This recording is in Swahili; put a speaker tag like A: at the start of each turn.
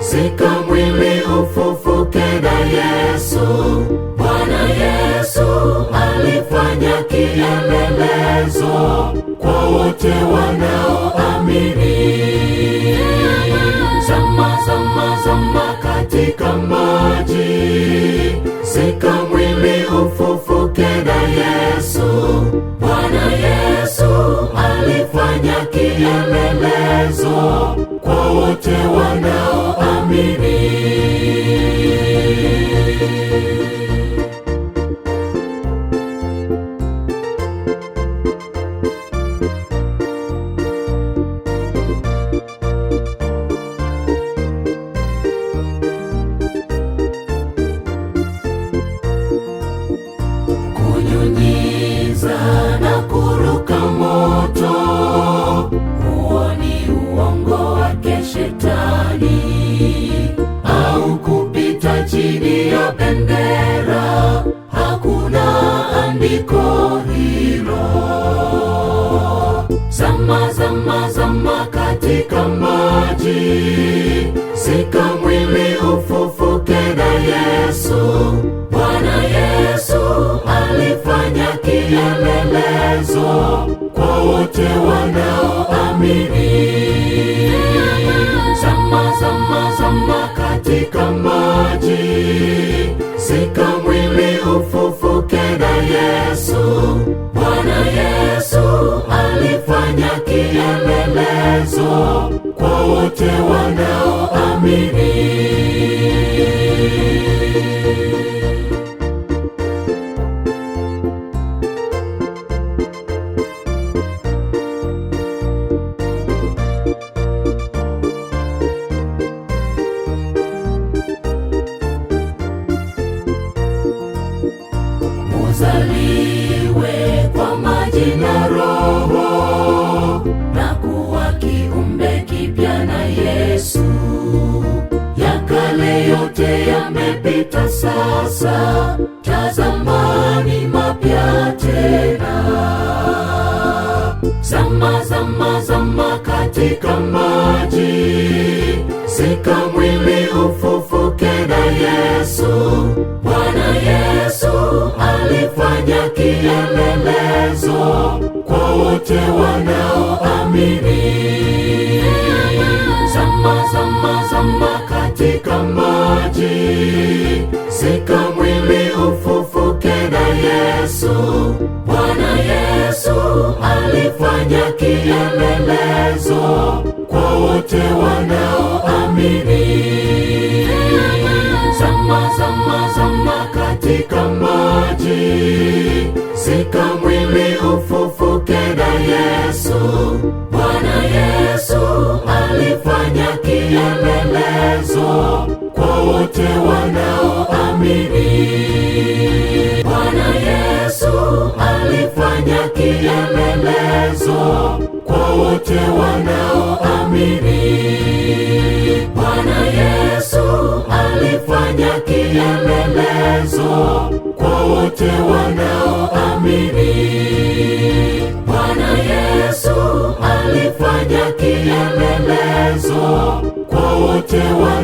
A: Sika mwili ufufuke na Yesu. Bwana Yesu alifanya kielelezo kwa wote wanaoamini. Zama, zama, zama katika maji, sika mwili ufufuke na Yesu. Bwana Yesu alifanya kielelezo kwa wote chini ya bendera, hakuna andiko hilo. Zama, zama, zama katika maji Muzaliwe kwa majina tena. Zama, zama, zama katika maji, sika mwili ufufuke na Yesu. Bwana Yesu alifanya kielelezo kwa wote wa wote wanaoamini. Zama, zama, zama katika maji, sika mwili ufufuke na Yesu. Bwana Yesu alifanya kielelezo kwa wote wanaoamini. Bwana Yesu alifanya kielelezo kwa wote wanaoamini. wale wanaoamini. Bwana Yesu alifanya kielelezo kwa wote wa